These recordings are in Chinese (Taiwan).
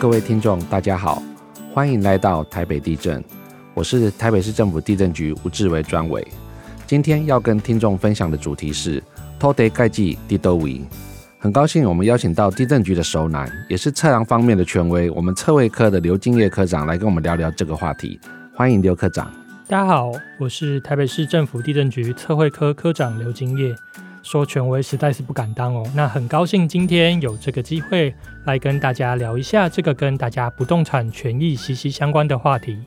各位聽眾，大家好，歡迎來到臺北地政。我是台北市政府地政局吳志維專委，今天要跟聽眾分享的主題是土地界址叨陀位。很高興我們邀請到地政局的首長，也是測量方面的權威，我們測繪科的劉金燁科長來跟我們聊聊這個話題。歡迎劉科長。大家好，我是台北市政府地政局測繪科科長劉金燁。說權威實在是不敢當哦。那很高興今天有這個機會來跟大家聊一下這個跟大家不動產權益息息相關的話題。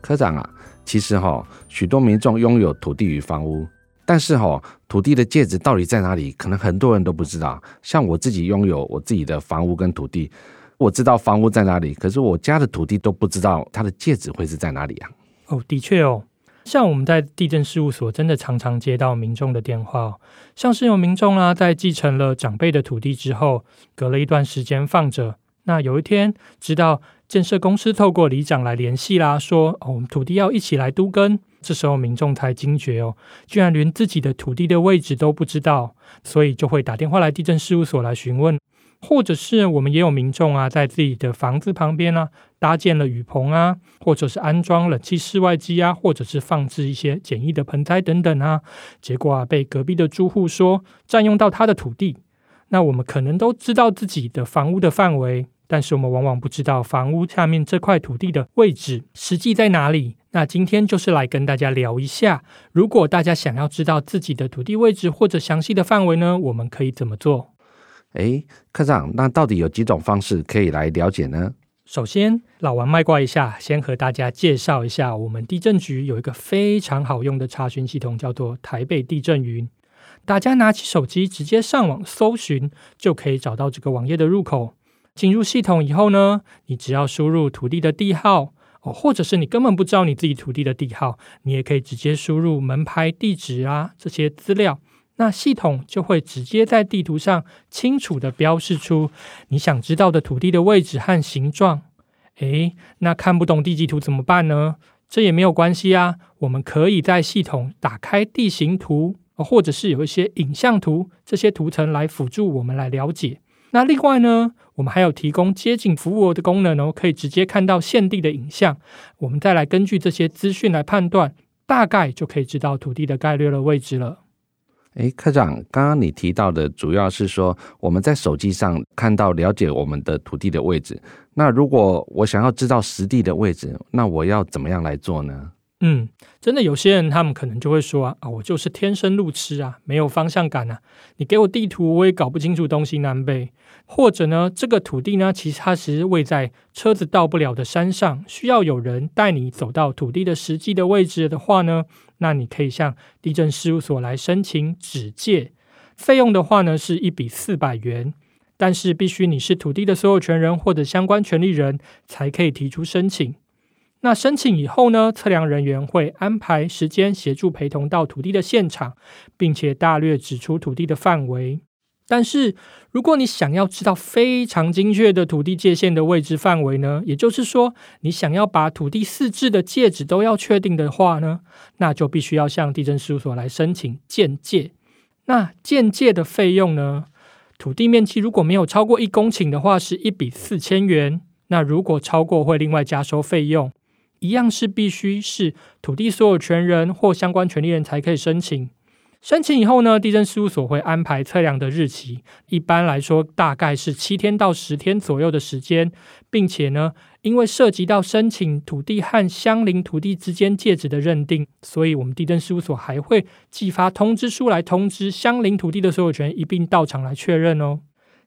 科長啊，其實哈、哦，許多民眾擁有土地與房屋，但是哈、哦，土地的界址到底在哪裡，可能很多人都不知道。像我自己擁有我自己的房屋跟土地，我知道房屋在哪裡，可是我家的土地都不知道它的界址會是在哪裡啊。哦，的確哦。像我們在地政事務所，真的常常接到民眾的電話，像是有民眾啦、啊，在繼承了長輩的土地之後，隔了一段時間放着，那有一天直到建設公司透過里長來聯繫啦，說、哦、我們土地要一起來都更，這時候民眾才驚覺哦，居然連自己的土地的位置都不知道，所以就會打電話來地政事務所來詢問。或者是我們也有民眾啊，在自己的房子旁邊啊，搭建了雨棚啊，或者是安裝冷氣室外機啊，或者是放置一些簡易的盆栽等等啊，結果啊，被隔壁的住戶說占用到他的土地。那我們可能都知道自己的房屋的範圍，但是我們往往不知道房屋下面這塊土地的位置實際在哪裡。那今天就是來跟大家聊一下，如果大家想要知道自己的土地位置或者詳細的範圍呢，我們可以怎麼做？哎，科長，那到底有幾種方式可以來了解呢？首先，老王賣瓜一下，先和大家介紹一下，我們地政局有一個非常好用的查詢系統，叫做臺北地政雲。大家拿起手機直接上網搜尋，就可以找到這個網頁的入口。進入系統以後呢，你只要輸入土地的地號，哦，或者是你根本不知道你自己土地的地號，你也可以直接輸入門牌地址啊這些資料。那系統就會直接在地圖上清楚地標示出你想知道的土地的位置和形狀。哎，那看不懂地籍圖怎麼辦呢？這也沒有關係啊，我們可以在系統打開地形圖，或者是有一些影像圖，這些圖層來輔助我們來了解。那另外呢，我們還有提供街景服務的功能哦，可以直接看到現地的影像。我們再來根據這些資訊來判斷，大概就可以知道土地的概略的位置了。誒，科長，剛剛你提到的主要是說我們在手機上看到，了解我們的土地的位置。那如果我想要知道實地的位置，那我要怎麼樣來做呢？嗯，真的有些人他們可能就會說啊，啊，我就是天生路痴啊，沒有方向感啊。你給我地圖，我也搞不清楚東西南北。或者呢，這個土地呢，其實它其實位在車子到不了的山上，需要有人帶你走到土地的實際的位置的話呢，那你可以向地政事務所來申請指界，費用的話呢，是一筆四百元，但是必須你是土地的所有權人或者相關權利人才可以提出申請。那申請以後呢，測量人員會安排時間協助陪同到土地的現場，並且大略指出土地的範圍。但是，如果你想要知道非常精確的土地界限的位置範圍呢，也就是說，你想要把土地四至的界址都要確定的話呢，那就必須要向地政事務所來申請鑑界。那鑑界的費用呢？土地面積如果沒有超過一公頃的話，是一筆四千元。那如果超過，會另外加收費用。一樣是必須是土地所有權人或相關權利人才可以申請。申請以後呢，地政事務所會安排測量的日期，一般來說大概是七天到十天左右的時間，並且呢，因為涉及到申請土地和相鄰土地之間界址的認定，所以我們地政事務所還會寄發通知書來通知相鄰土地的所有權一併到場來確認哦。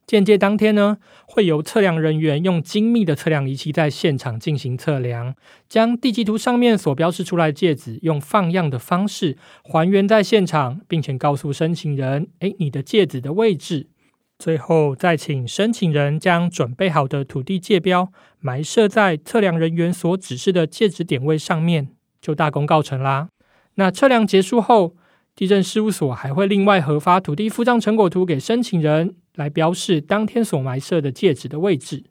鑑界當天呢，會由測量人員用精密的測量儀器在現場進行測量，將地籍圖上面所標示出來的界址用放樣的方式還原在現場，並且告訴申請人：誒你的界址的位置。最後再請申請人將準備好的土地界標埋設在測量人員所指示的界址點位上面，就大功告成啦。那測量結束後，地政事務所還會另外核發土地複丈成果圖給申請人。來標示當天所埋設的界址的位置。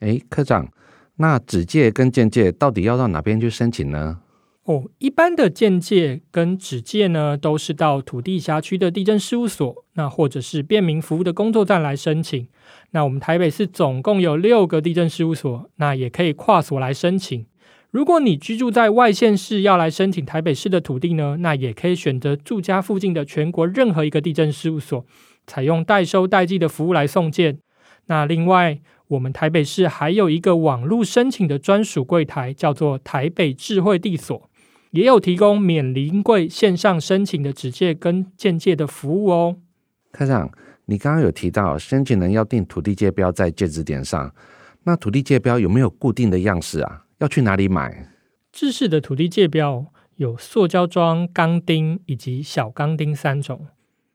哎，科長，那指界跟鑑界到底要到哪邊去申請呢？哦，一般的鑑界跟指界呢，都是到土地轄區的地政事務所，那或者是便民服務的工作站來申請。那我們台北市總共有六個地政事務所，那也可以跨所來申請。如果你居住在外縣市要來申請台北市的土地呢，那也可以選擇住家附近的全國任何一個地政事務所，採用代收代寄的服務來送件。那另外，我們台北市還有一個網路申請的專屬櫃檯，叫做台北智慧地所，也有提供免臨櫃線上申請的指界跟鑑界的服務哦。科長，你剛剛有提到申請人要訂土地界標在界址點上，那土地界標有沒有固定的樣式啊？要去哪裡買？制式的土地界標有塑膠樁、鋼釘以及小鋼釘三種。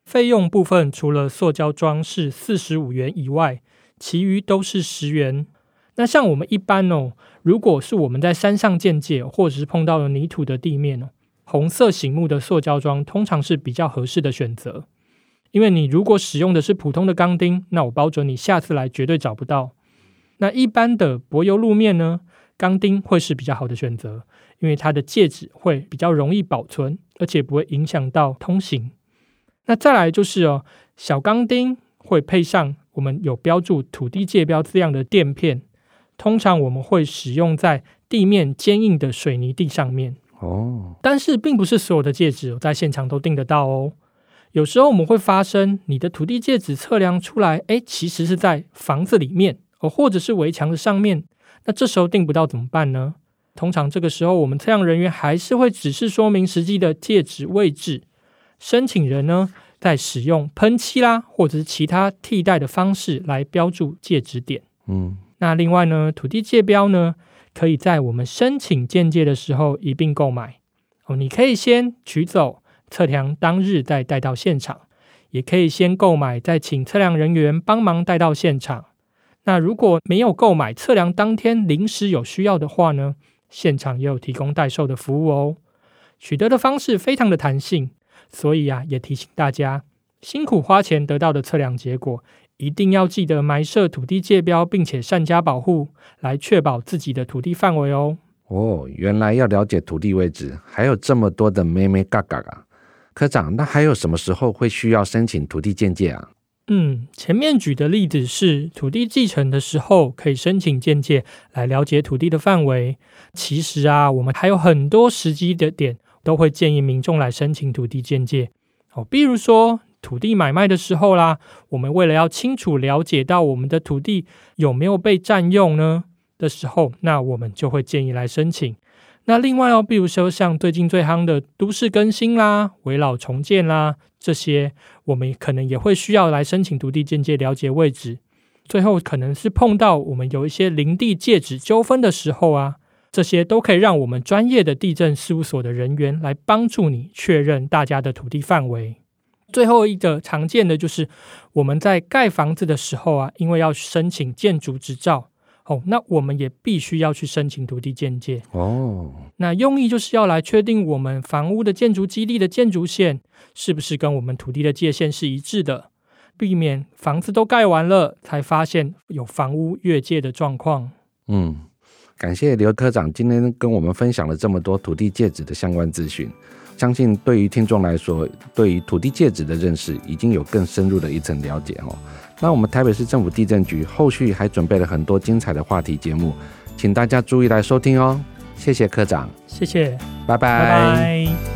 費用部分除了塑膠樁是四十五元以外，其餘都是十元。那像我們一般哦，如果是我們在山上鑑界，或者是碰到了泥土的地面哦，紅色醒目的塑膠樁通常是比較合適的選擇。因為你如果使用的是普通的鋼釘，那我保準你下次來絕對找不到。那一般的柏油路面呢，鋼釘會是比較好的選擇，因為它的界址會比較容易保存，而且不會影響到通行。那再來就是哦，小鋼釘會配上我們有標註土地界標字樣的墊片，通常我們會使用在地面堅硬的水泥地上面哦。但是並不是所有的界址、哦、在現場都定得到哦。有時候我們會發生你的土地界址測量出來，誒，其實是在房子裡面，哦，或者是圍牆的上面。那這時候定不到怎麼辦呢？通常這個時候我們測量人員還是會只是說明實際的界址位置，申請人呢，在使用噴漆啦，或者是其他替代的方式來標注界址點。嗯，那另外呢，土地界標呢，可以在我們申請鑑界的時候一併購買。哦，你可以先取走，測量當日再帶到現場，也可以先購買再請測量人員幫忙帶到現場。那如果沒有購買，測量當天臨時有需要的話呢，現場也有提供代售的服務哦。取得的方式非常的彈性。所以啊，也提醒大家，辛苦花錢得到的測量結果，一定要記得埋設土地界標，並且善加保護，來確保自己的土地範圍哦。哦，原來要了解土地位置，還有這麼多的咩咩嘎嘎嘎科長，那還有什麼時候會需要申請土地鑑界啊？嗯，前面舉的例子是土地繼承的時候可以申請鑑界，來了解土地的範圍。其實啊，我們還有很多時機的點。都會建議民眾來申請土地鑑界哦，比如說土地買賣的時候啦，我們為了要清楚了解到我們的土地有沒有被占用呢的時候，那我們就會建議來申請。那另外哦，比如說像最近最夯的都市更新啦，危老重建啦這些，我們可能也會需要來申請土地鑑界，了解位置。最後可能是碰到我們有一些林地界址糾紛的時候啊。這些都可以讓我們專業的地政事務所的人員來幫助你確認大家的土地範圍。最後一個常見的就是我們在蓋房子的時候啊，因為要申請建築執照，哦，那我們也必須要去申請土地鑑界。哦，那用意就是要來確定我們房屋的建築基地的建築線是不是跟我們土地的界限是一致的，避免房子都蓋完了才發現有房屋越界的狀況。嗯。感謝劉科長今天跟我們分享了這麼多土地界址的相關資訊，相信對於聽眾來說，對於土地界址的認識已經有更深入的一層了解哦。那我們台北市政府地政局後續還準備了很多精彩的話題節目，請大家注意來收聽哦。謝謝科長，謝謝，拜拜 bye。Bye bye